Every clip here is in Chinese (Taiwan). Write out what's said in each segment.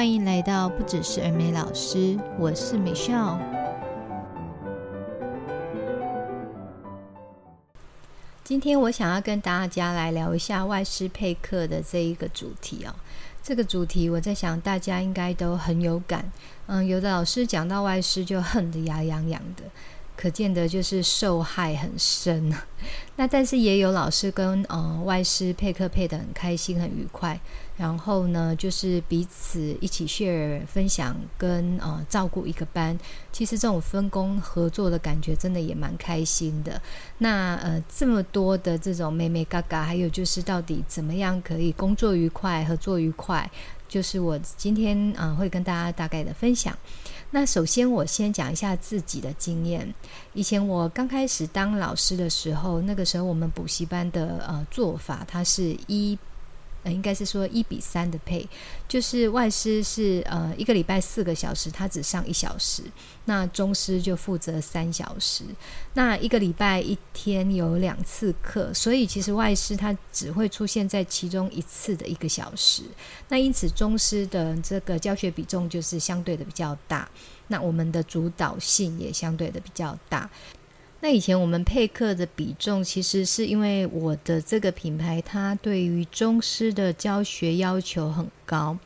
歡迎來到不只是兒美老師，我是 Michelle。今天我想要跟大家來聊一下外師配課的這一個主題哦。這個主題我在想，大家應該都很有感。嗯，有的老師講到外師就恨得牙癢癢的。可見得就是受害很深，那但是也有老師跟呃外師配課配得很開心很愉快，然後呢就是彼此一起 share 分享跟呃照顧一個班，其實這種分工合作的感覺真的也蠻開心的。那呃這麼多的這種眉眉角角，還有就是到底怎麼樣可以工作愉快、合作愉快，就是我今天呃會跟大家大概的分享。那首先，我先講一下自己的經驗。以前我剛開始當老師的時候，那個時候我們補習班的呃做法，它是一。呃，應該是說一比三的配，就是外師是呃一個禮拜四個小時，他只上一小時，那中師就負責三小時，那一個禮拜一天有兩次課，所以其實外師他只會出現在其中一次的一個小時，那因此中師的這個教學比重就是相對的比較大，那我們的主導性也相對的比較大。那以前我們配課的比重，其實是因為我的這個品牌，它對於中師的教學要求很高。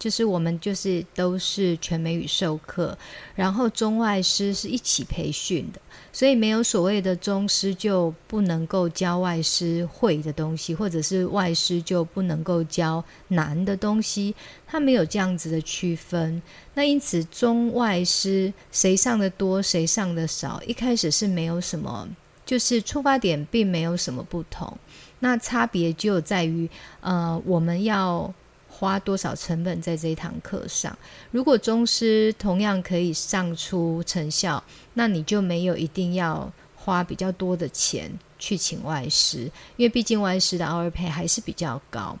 就是我們就是都是全美語授課，然後中外師是一起培訓的，所以沒有所謂的中師就不能夠教外師會的東西，或者是外師就不能夠教難的東西，他沒有這樣子的區分。那因此中外師誰上的多誰上的少，一開始是沒有什麼，就是出發點並沒有什麼不同。那差別就在於，呃，我們要。花多少成本在這一堂課上？如果中師同樣可以上出成效，那你就沒有一定要花比較多的錢。去請外師，因為畢竟外師的 hour pay 還是比較高。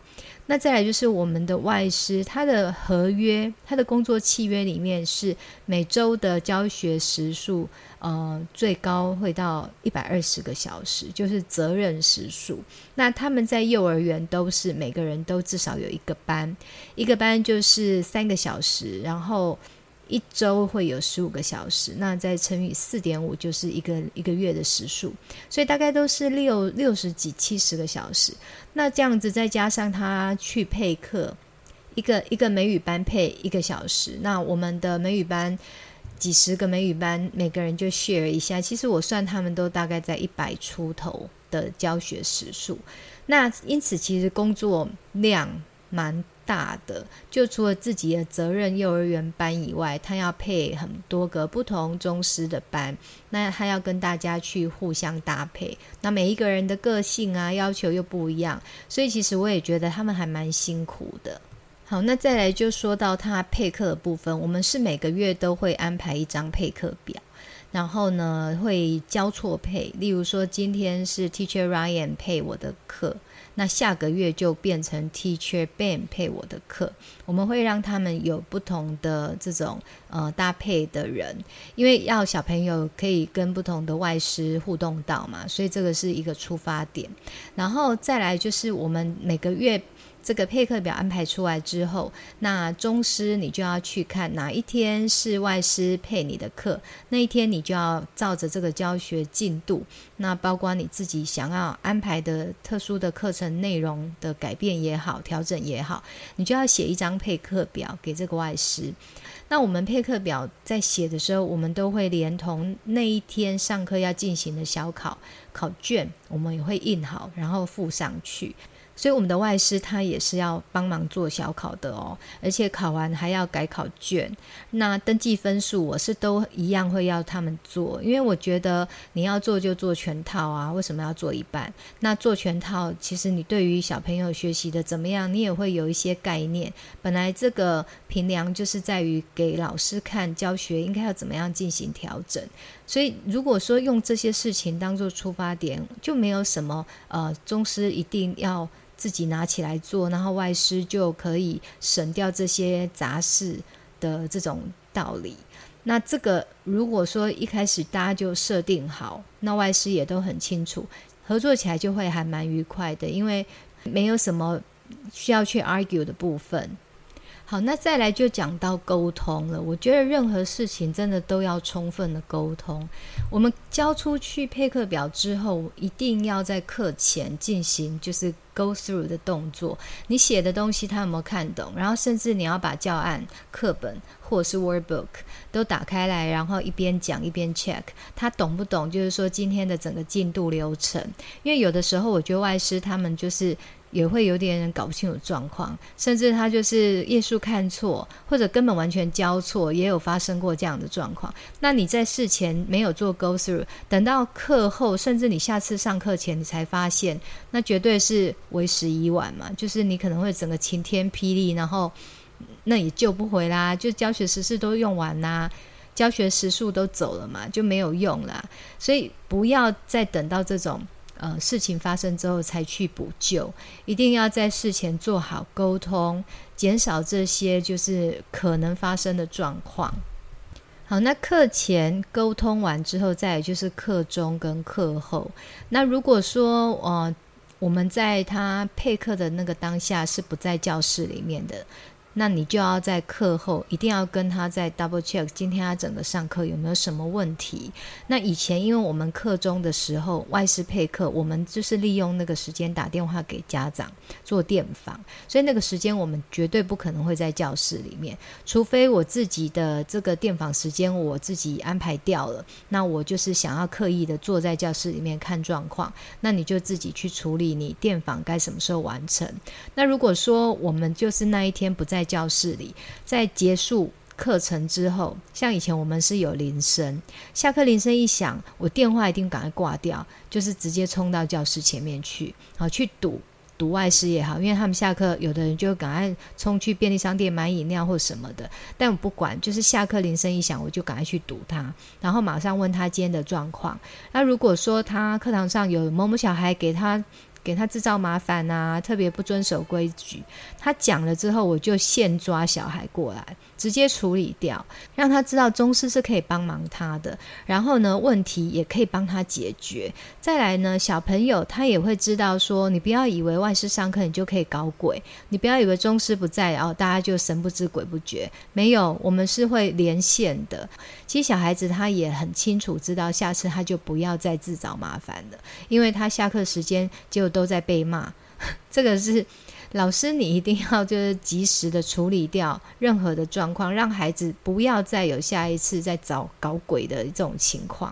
那再來就是我們的外師，他的合約、他的工作契約裡面是每週的教學時數，呃，最高會到一百二十個小時，就是責任時數。那他們在幼兒園都是每個人都至少有一個班，一個班就是三個小時，然後。一週會有十五個小時，那再乘以四點五，就是一個一個月的時數，所以大概都是六六十幾、七十個小時。那這樣子再加上他去配課，一個一個美語班配一個小時，那我們的美語班幾十個美語班，每個人就 share 一下。其實我算他們都大概在一百出頭的教學時數，那因此其實工作量蠻。大的。就除了自己的責任幼兒園班以外，他要配很多個不同中師的班，那他要跟大家去互相搭配，那每一個人的個性啊、要求又不一樣，所以其實我也覺得他們還蠻辛苦的。好，那再來就說到他配課的部分，我們是每個月都會安排一張配課表，然後呢，會交錯配，例如說今天是 Teacher Ryan 配我的課。那下個月就變成 Teacher Ben 配我的課，我們會讓他們有不同的這種。呃，搭配的人，因為要小朋友可以跟不同的外師互動到嘛，所以這個是一個出發點。然後再來就是，我們每個月這個配課表安排出來之後，那中師你就要去看哪一天是外師配你的課，那一天你就要照着這個教學進度，那包括你自己想要安排的特殊的課程內容的改變也好、調整也好，你就要寫一張配課表給這個外師。那我們配課表在寫的時候，我們都會連同那一天上課要進行的小考考卷，我們也會印好，然後附上去。所以我們的外師他也是要幫忙做小考的哦，而且考完還要改考卷。那登記分數我是都一樣會要他們做，因為我覺得你要做就做全套啊，為什麼要做一半？那做全套其實你對於小朋友學習的怎麼樣，你也會有一些概念。本來這個評量就是在於給老師看教學應該要怎麼樣進行調整。所以如果說用這些事情當做出發點，就沒有什麼呃，中師一定要。自己拿起來做，然後外師就可以省掉這些雜事的這種道理。那這個如果說一開始大家就設定好，那外師也都很清楚，合作起來就會還蠻愉快的，因為沒有什麼需要去 argue 的部分。好，那再來就講到溝通了。我覺得任何事情真的都要充分的溝通。我們交出去配課表之後，一定要在課前進行就是 go through 的動作。你寫的東西他有沒有看懂？然後甚至你要把教案、課本或是 workbook 都打開來，然後一邊講一邊 check 他懂不懂？就是說今天的整個進度流程。因為有的時候我覺得外師他們就是。也會有點搞不清楚狀況，甚至他就是頁數看錯，或者根本完全交錯，也有發生過這樣的狀況。那你在事前沒有做 go through，等到課後，甚至你下次上課前你才發現，那絕對是為時已晚嘛。就是你可能會整個晴天霹靂，然後那也救不回啦，就教學時事都用完啦，教學時數都走了嘛，就沒有用啦。所以不要再等到這種。呃，事情發生之後才去補救，一定要在事前做好溝通，減少這些就是可能發生的狀況。好，那課前溝通完之後，再也就是課中跟課後。那如果說，呃，我們在他配課的那個當下是不在教室裡面的。那你就要在課後一定要跟他再 double check，今天他整個上課有沒有什麼問題？那以前因為我們課中的時候外師配課，我們就是利用那個時間打電話給家長做電訪，所以那個時間我們絕對不可能會在教室裡面，除非我自己的這個電訪時間我自己安排掉了，那我就是想要刻意的坐在教室裡面看狀況，那你就自己去處理你電訪該什麼時候完成。那如果說我們就是那一天不在。在教室裡，在結束課程之後，像以前我們是有鈴聲，下課鈴聲一響，我電話一定趕快掛掉，就是直接衝到教室前面去，好去堵堵外師也好，因為他們下課，有的人就趕快衝去便利商店買飲料或什麼的，但我不管，就是下課鈴聲一響，我就趕快去堵他，然後馬上問他今天的狀況。那如果說他課堂上有某某小孩給他，給他制造麻煩啊！特別不遵守規矩，他講了之後，我就現抓小孩過來。直接處理掉，讓他知道中師是可以幫忙他的，然後呢，問題也可以幫他解決。再來呢，小朋友他也會知道說，你不要以為外師上課你就可以搞鬼，你不要以為中師不在，然後大家就神不知鬼不覺。沒有，我們是會連線的。其實小孩子他也很清楚知道，下次他就不要再自找麻煩了，因為他下課時間就都在被罵。這個是。老師，你一定要就是及時的處理掉任何的狀況，讓孩子不要再有下一次再找搞鬼的這種情況。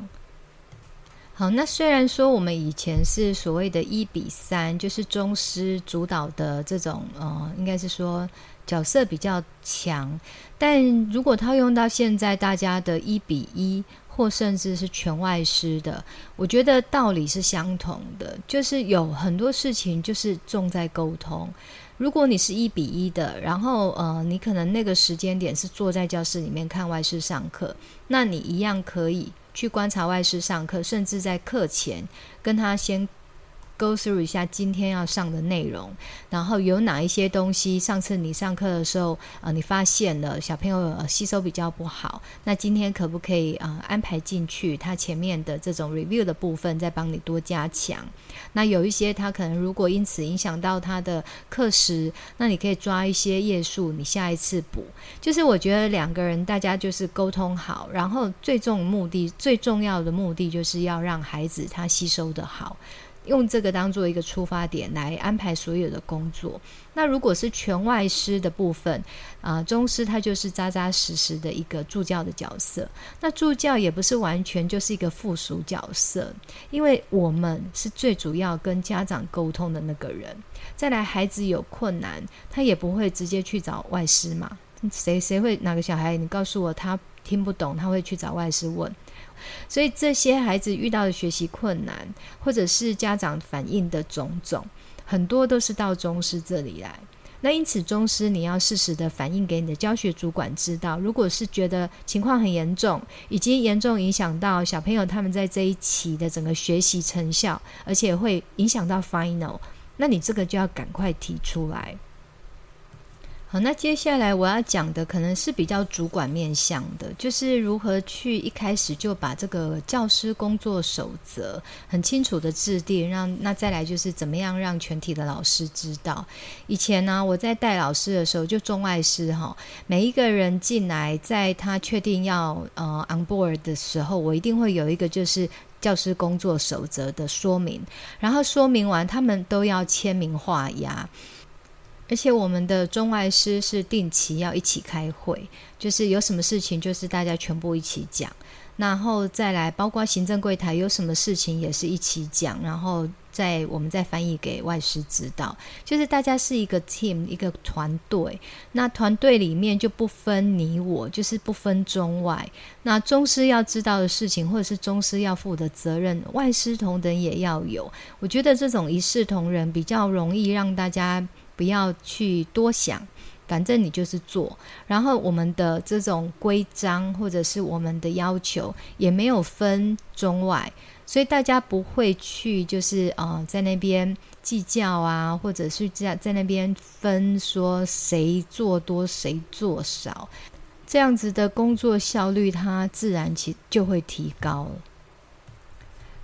好，那雖然說我們以前是所謂的“一比三”，就是中師主導的這種，呃，應該是說角色比較強，但如果套用到現在，大家的“一比一”。或甚至是全外師的，我覺得道理是相同的，就是有很多事情就是重在溝通。如果你是一比一的，然後呃，你可能那個時間點是坐在教室裡面看外師上課，那你一樣可以去觀察外師上課，甚至在課前跟他先 Go through 一下今天要上的內容，然後有哪一些東西，上次你上課的時候啊、呃，你發現了小朋友、呃、吸收比較不好，那今天可不可以啊、呃、安排進去他前面的這種 review 的部分，再幫你多加強？那有一些他可能如果因此影響到他的課時，那你可以抓一些頁數，你下一次補。就是我覺得兩個人大家就是溝通好，然後最終目的，最重要的目的就是要讓孩子他吸收的好。用這個當做一個出發點來安排所有的工作。那如果是全外師的部分，啊、呃，中師他就是扎扎實實的一個助教的角色。那助教也不是完全就是一個附屬角色，因為我們是最主要跟家長溝通的那個人。再來，孩子有困難，他也不會直接去找外師嘛。誰誰會？哪個小孩？你告訴我，他聽不懂，他會去找外師問。所以這些孩子遇到的學習困難，或者是家長反映的種種，很多都是到中師這裡來。那因此，中師你要適時的反映給你的教學主管知道。如果是覺得情況很嚴重，已經嚴重影響到小朋友他們在這一期的整個學習成效，而且會影響到 final，那你這個就要趕快提出來。好，那接下來我要講的可能是比較主管面向的，就是如何去一開始就把這個教師工作守則很清楚地制定，讓那再來就是怎麼樣讓全體的老師知道。以前呢、啊，我在帶老師的時候，就中外師哈、哦，每一個人進來，在他確定要呃 on board 的時候，我一定會有一個就是教師工作守則的說明，然後說明完，他們都要簽名畫押。而且我們的中外師是定期要一起開會，就是有什麼事情，就是大家全部一起講，然後再來包括行政櫃檯有什麼事情也是一起講，然後再我們再翻譯給外師知道。就是大家是一個 team 一個團隊，那團隊裡面就不分你我，就是不分中外。那中師要知道的事情，或者是中師要負的責任，外師同等也要有。我覺得這種一視同仁比較容易讓大家。不要去多想，反正你就是做。然後我們的這種規章或者是我們的要求也沒有分中外，所以大家不會去就是啊、呃、在那邊計較啊，或者是在在那邊分說誰做多誰做少，這樣子的工作效率它自然其就會提高了。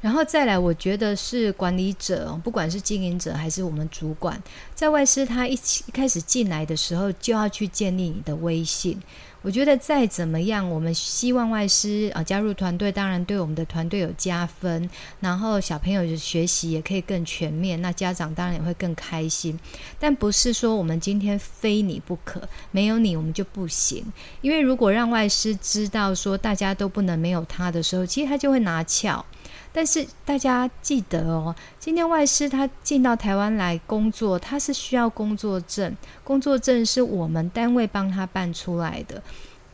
然後再來，我覺得是管理者，不管是經營者還是我們主管，在外師他一一開始進來的時候，就要去建立你的威信。我覺得再怎麼樣，我們希望外師啊、呃、加入團隊，當然對我們的團隊有加分。然後小朋友學習也可以更全面，那家長當然也會更開心。但不是說我們今天非你不可，沒有你我們就不行。因為如果讓外師知道說大家都不能沒有他的時候，其實他就會拿翹。但是大家記得哦，今天外師他進到台灣來工作，他是需要工作證，工作證是我們單位幫他辦出來的。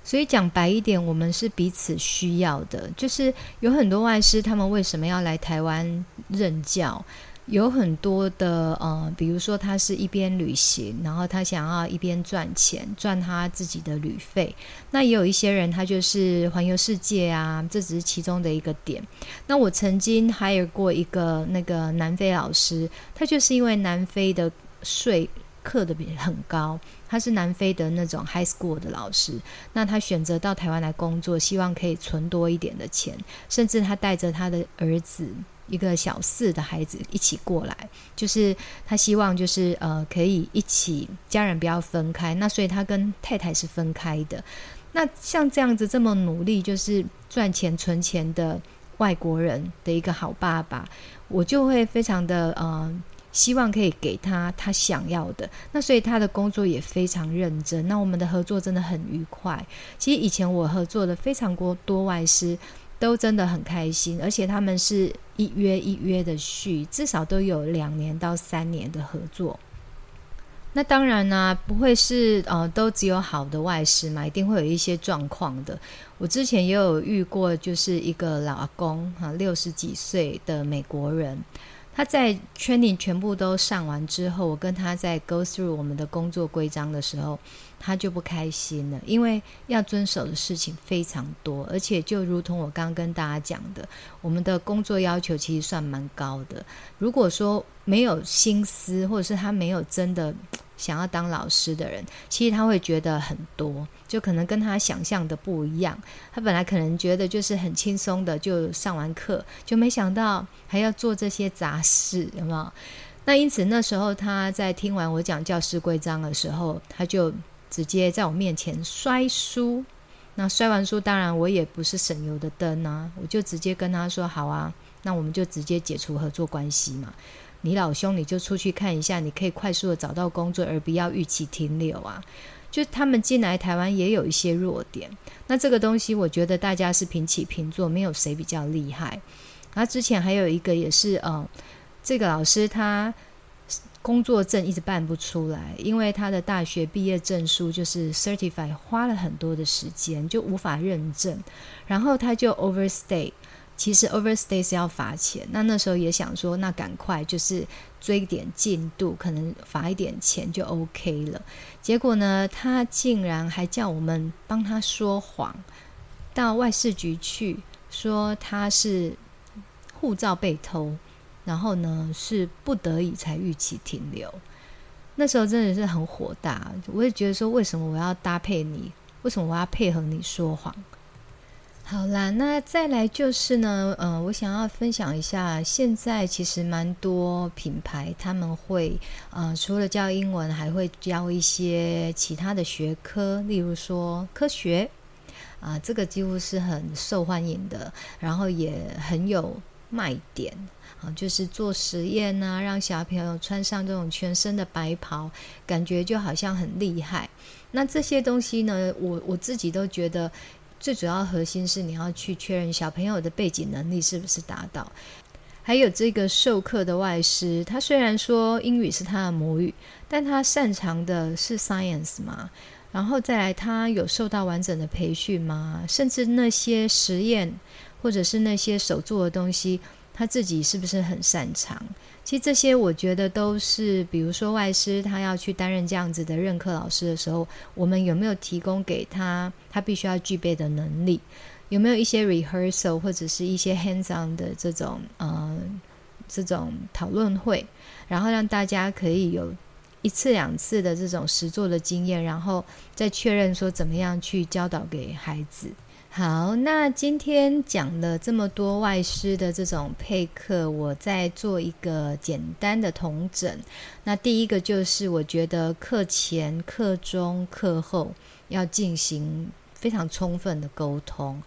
所以講白一點，我們是彼此需要的。就是有很多外師，他們為什麼要來台灣任教？有很多的，呃，比如說他是一邊旅行，然後他想要一邊賺錢，賺他自己的旅費。那也有一些人，他就是環遊世界啊，這只是其中的一個點。那我曾經 hire 過一個那個南非老師，他就是因為南非的稅課的比很高，他是南非的那種 high school 的老師，那他選擇到台灣來工作，希望可以存多一點的錢，甚至他帶着他的兒子。一個小四的孩子一起過來，就是他希望，就是呃，可以一起家人不要分開。那所以他跟太太是分開的。那像這樣子這麼努力，就是賺錢存錢的外國人的一個好爸爸，我就會非常的呃，希望可以給他他想要的。那所以他的工作也非常認真。那我們的合作真的很愉快。其實以前我合作過非常多多外師。都真的很開心，而且他們是一約一約的續，至少都有兩年到三年的合作。那當然啦、啊，不會是呃，都只有好的外師嘛，一定會有一些狀況的。我之前也有遇過，就是一個老公哈，六十幾歲的美國人。他在 training 全部都上完之後，我跟他在 go through 我們的工作規章的時候，他就不開心了，因為要遵守的事情非常多，而且就如同我剛跟大家講的，我們的工作要求其實算蠻高的。如果說沒有心思，或者是他沒有真的想要當老師的人，其實他會覺得很多，就可能跟他想象的不一樣。他本來可能覺得就是很輕鬆的就上完課，就沒想到還要做這些雜事，有沒有？那因此那時候他在聽完我講教師規章的時候，他就直接在我面前摔書。那摔完書，當然我也不是省油的燈啊，我就直接跟他說：“好啊，那我們就直接解除合作關係嘛。”你老兄，你就出去看一下，你可以快速的找到工作，而不要逾期停留啊！就他們進來台灣也有一些弱點，那這個東西我覺得大家是平起平坐，沒有誰比較厲害。然後之前還有一個也是，嗯、呃，這個老師他工作證一直辦不出來，因為他的大學畢業證書就是 certify，花了很多的時間就無法認證，然後他就 overstay。其實 overstays 要罰錢，那那時候也想說，那趕快就是追一點進度，可能罰一點錢就 OK 了。結果呢，他竟然還叫我們幫他說謊，到外事局去說他是護照被偷，然後呢是不得已才逾期停留。那時候真的是很火大，我也覺得說，為什麼我要搭配你？為什麼我要配合你說謊？好啦，那再來就是呢，嗯、呃，我想要分享一下，現在其實蠻多品牌他們會，呃，除了教英文，還會教一些其他的學科，例如說科學，啊、呃，這個幾乎是很受歡迎的，然後也很有賣點啊、呃，就是做實驗啊，讓小朋友穿上這種全身的白袍，感覺就好像很厲害。那這些東西呢，我我自己都覺得。最主要核心是你要去確認小朋友的背景能力是不是達到，還有這個授課的外師，他雖然說英語是他的母語，但他擅長的是 science 嗎？然後再來，他有受到完整的培訓嗎？甚至那些實驗或者是那些手做的東西，他自己是不是很擅長？其實這些我覺得都是，比如說外師他要去擔任這樣子的任課老師的時候，我們有沒有提供給他他必須要具備的能力？有沒有一些 rehearsal 或者是一些 hands on 的這種呃這種討論會，然後讓大家可以有一次兩次的這種實作的經驗，然後再確認說怎麼樣去教導給孩子。好，那今天講了這麼多外師的這種配課，我再做一個簡單的統整。那第一個就是，我覺得課前、課中、課後要進行非常充分的溝通。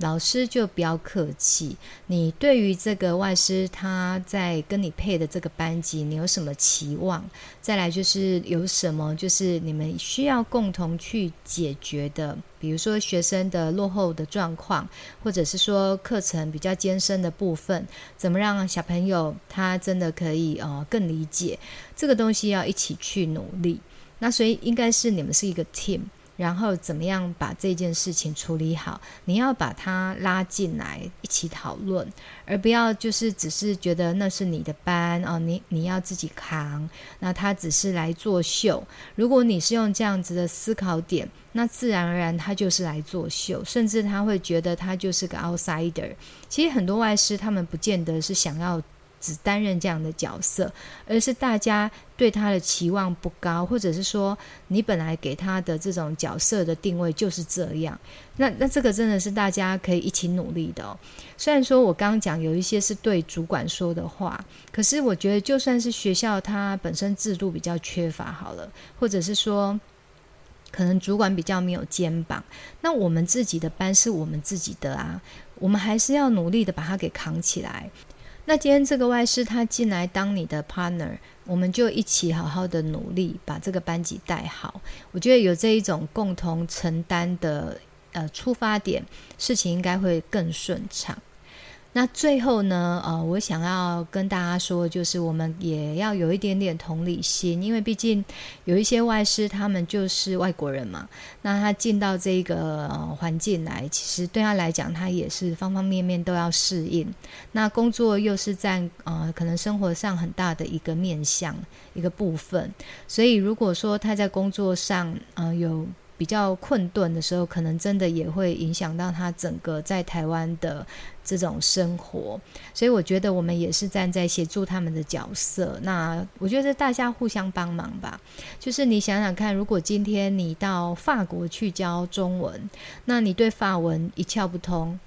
老師就不要客氣。你對於這個外師他在跟你配的這個班級，你有什麼期望？再來就是有什麼，就是你們需要共同去解決的，比如說學生的落後的狀況，或者是說課程比較艱深的部分，怎麼讓小朋友他真的可以呃更理解這個東西，要一起去努力。那所以應該是你們是一個 team。然後怎麼樣把這件事情處理好？你要把他拉進來一起討論，而不要就是只是覺得那是你的班哦，你你要自己扛。那他只是來作秀。如果你是用這樣子的思考點，那自然而然他就是來作秀，甚至他會覺得他就是個 outsider。其實很多外師他們不見得是想要。只擔任這樣的角色，而是大家對他的期望不高，或者是說你本來給他的這種角色的定位就是這樣。那那這個真的是大家可以一起努力的哦。雖然說我剛剛講有一些是對主管說的話，可是我覺得就算是學校它本身制度比較缺乏好了，或者是說可能主管比較沒有肩膀，那我們自己的班是我們自己的啊，我們還是要努力的把它給扛起來。那今天這個外師他進來當你的 partner，我們就一起好好的努力把這個班級帶好。我覺得有這一種共同承擔的呃出發點，事情應該會更順暢。那最後呢，呃，我想要跟大家說，就是我們也要有一點點同理心，因為畢竟有一些外師，他們就是外國人嘛。那他進到這個呃環境來，其實對他來講，他也是方方面面都要適應。那工作又是佔呃可能生活上很大的一個面向一個部分，所以如果說他在工作上呃有比較困頓的時候，可能真的也會影響到他整個在台灣的這種生活，所以我覺得我們也是站在協助他們的角色。那我覺得大家互相幫忙吧。就是你想想看，如果今天你到法國去教中文，那你對法文一竅不通。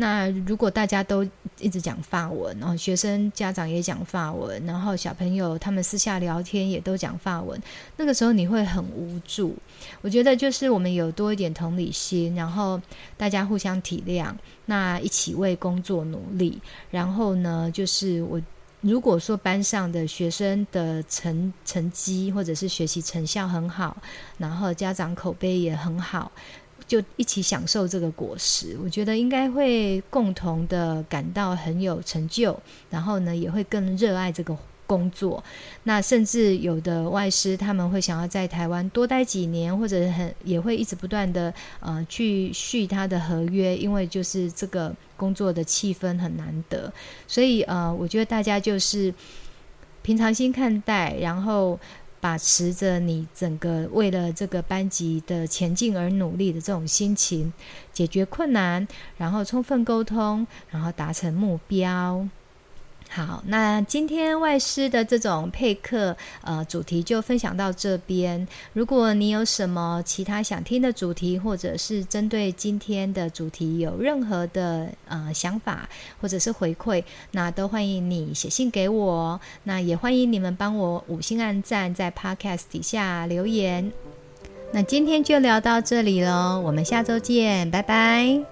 那如果大家都一直講法文，然後學生家長也講法文，然後小朋友他們私下聊天也都講法文，那個時候你會很無助。我覺得就是我們有多一點同理心，然後大家互相體諒，那一起為工作努力。然後呢，就是我如果說班上的學生的成成績或者是學習成效很好，然後家長口碑也很好。就一起享受這個果實，我覺得應該會共同的感到很有成就，然後呢，也會更熱愛這個工作。那甚至有的外師他們會想要在台灣多待幾年，或者很也會一直不斷的呃去續他的合約，因為就是這個工作的氣氛很難得，所以呃我覺得大家就是平常心看待，然後，把持着你整個為了這個班級的前進而努力的這種心情，解決困難，然後充分溝通，然後達成目標。好，那今天外師的這種配課，呃，主題就分享到這邊。如果你有什麼其他想聽的主題，或者是針對今天的主題有任何的呃想法，或者是回饋，那都歡迎你寫信給我。那也歡迎你們幫我五星按讚，在 Podcast 底下留言。那今天就聊到這裡嘍，我們下周見，拜拜。